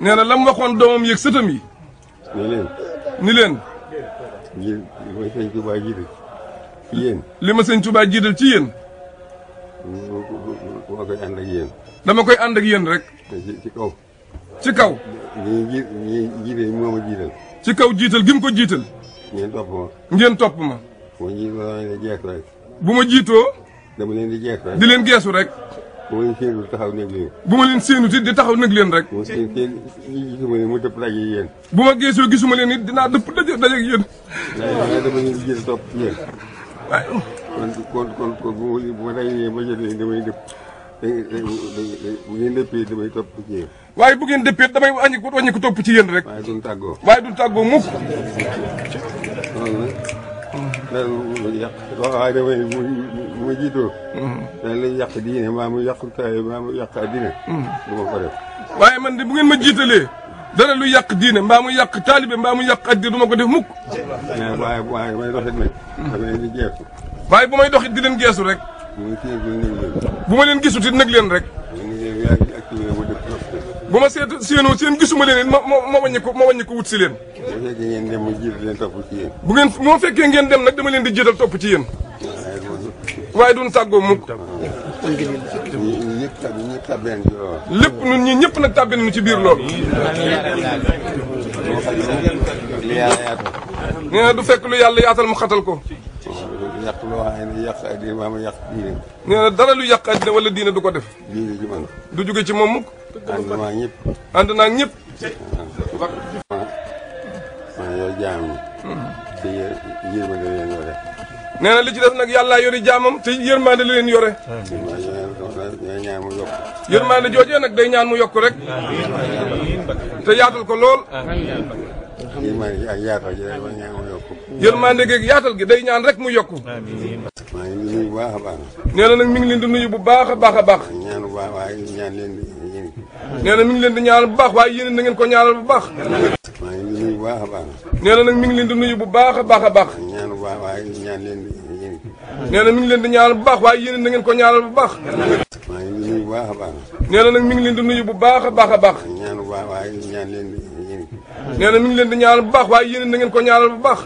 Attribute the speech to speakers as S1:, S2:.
S1: nee na lam waxoon doomam yeeg sëtam yi. ni leen. ni leen. li ma sëñ Touba jiital ci yéen. li ma dama koy àndak ak dama koy ànd ak rek. ci kaw. ci kaw. ñi ji ñi jiite moo ma jiital. ci kaw jiital gi ko jiital. ngeen topp ma. ngeen topp ma. bu ma jiitoo bu ma jiitoo. dama leen di geesu rek. bu ma leen séenul taxaw nag leen. bu ma leen séenut it di taxaw nag leen rek. bu ma seen seen gisuma leen mu dëpp daje yéen. bu ma geesoo gisuma leen it dinaa dëpp daje daje ak yéen.
S2: waaye dama leen di jël topp yéen.
S1: waaye. kon kon kon bu ma bu ma dajee ba jël leen damay dëpp bu ngeen dëppee damay topp ci yéen. waaye bu ngeen dëppee damay wàññi ko wàññi ko topp ci yéen rek. waaye duñ tàggoo. waaye duñ tàggoo mukk. loolu nag. loolu yàq waaye damay bu ma jiitoo. Mm-hmm. dañ yàq diine maa mu yàq taay yàq addina. Mm-hmm. du ma waaye man de bu ngeen ma jiitalee. dara lu yàq diine mbaa mu yàq taalibe mbaa mu yàq addina du ma ko def mukk. waaye waaye may doxit nag. dama leen di waaye bu may doxit di leen geesu rek. bu ma leen gisut it nag leen rek. bu ma seet séenoo seen gisuma leen ma ma ma wàññi ko ma wàññi ko wut si leen. bu fekkee ngeen dem ma jiital leen topp ci bu ngeen moo fekkee ngeen dem nag dama leen di jiital topp ci yéen. waaye duñ tàggoo mukk lépp ñun ñi ñëpp nag tàbbi mu ci biir lool nee na du fekk lu yàlla yaatal mu xatal ko. nee dara lu yàq àddina wala diine du ko def. du jóge ci moom mukk. ànd maa yow jaam ñi. te yërmande leen war a nee li ci def nag yàllaa yori jaamam te yërmande li leen yore. yërmande joojee nag day ñaan mu yokk rek. te yaatal ko lool. yërmande gi ak yaatal gi day ñaan mu yokk. yërmande gi yaatal gi day ñaan rek mu yokk. nee na nag mi ngi leen di nuyu bu baax a baax a baax. ñaan bu baax waaye ñaan leen nee na mi leen di ñaanal bu baax waaye yéen na ko ñaanal bu baax. nee na nag mi ngi leen di nuyu bu baax a baax a baax. nee na mi ngi leen di bu baax waaye yéen na ngeen ko ñaanal bu baax. nee na nag mi ngi leen di nuyu bu baax a baax a baax. nee na mi ngi leen di ñaanal bu baax waaye yéen na ngeen ko ñaanal bu baax.